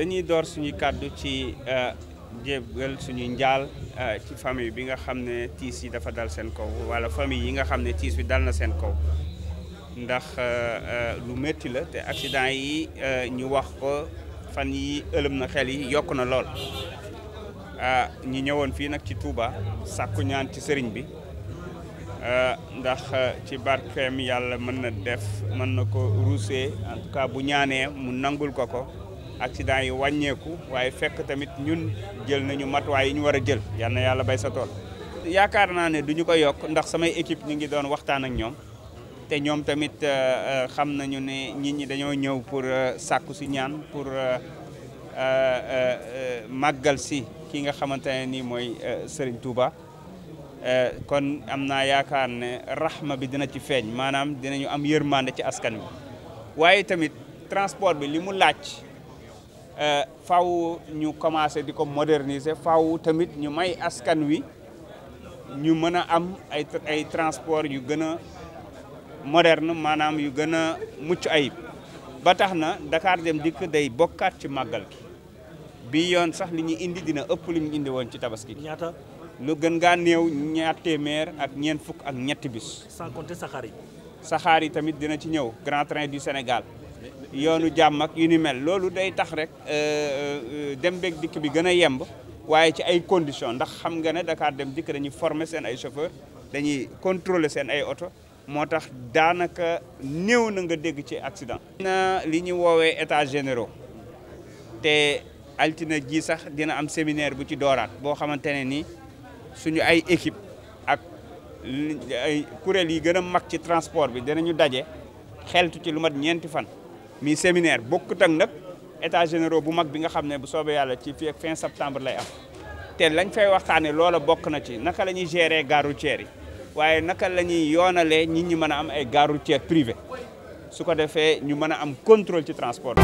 dañuy door suñu kàddu ci euh, jébbal suñuy njaal euh, ci famille bi nga xam ne tiis yi dafa dal seen kaw wala famille yi nga xam ne tiis bi dal na seen kaw ndax euh, lu métti la te accident yi ñu wax ko fan yi ëlëm na xel yi yokk na lool ah, ñu ñëwoon fii nag ci tuuba sàkku ñaan ci sëriñ bi ndax ci barkeem yàlla mën na def mën na ko ruusee en tout bu ñaanee mu nangul ko ko accident yi wàññeeku waaye fekk tamit ñun jël nañu matuwaay yi ñu war a jël yal na yàlla bay sa tool. yaakaar naa ne du ñu ko yokk ndax samay équipe ñu ngi doon waxtaan ak ñoom te ñoom tamit euh, euh, xam nañu ne nit ñi dañoo ñëw pour euh, sàkku si ñaan pour màggal si ki nga xamante ne nii mooy Serigne Touba. kon am naa yaakaar ne raxma bi dina ci feeñ maanaam dinañu am yërmande ci askan wi waaye tamit transport bi li mu laaj. Euh, faw ñu commencé di ko moderniser faw tamit ñu may askan wi ñu mën a am ay transport yu gën a moderne maanaam yu gën a mucc ayib ba tax na dakaar Dem Dikk day bokkaat ci màggal gi bi yoon sax li ñu indi dina ëpp li ñu indi woon ci tabaski gi ñaata lu gën ngaa néew ñaar téeméer ak ñeent fukk ak ñetti bis sans compter saxaar yi tamit dina ci ñëw Grand Train du Sénégal yoonu jàmm ak yu ni mel loolu day tax rek euh, euh, dem beeg dikk bi gën a yemb waaye ci ay conditions ndax xam nga ne Dakar dem dikk dañuy former seen ay chauffeur dañuy contrôler seen ay oto moo tax daanaka néew na nga dégg ci accident. li ñu woowee état généraux te altine ji sax dina am séminaire bu ci dooraat boo xamante ne ni suñu ay équipe ak ay kuréel yi gën a mag ci transport bi dinañu daje xeltu ci lu mat ñeenti fan. mi séminaire bokkut ak nag états généro bu mag bi nga xam ne bu soobee yàlla ci fii ak fin septembre lay am te lañ fay waxtaanee loola bokk na ci naka la ñuy gérer gare routière yi waaye naka la ñuy yoonalee nit ñi mën a am ay gare routière privée su ko defee ñu mën a am contrôle ci transport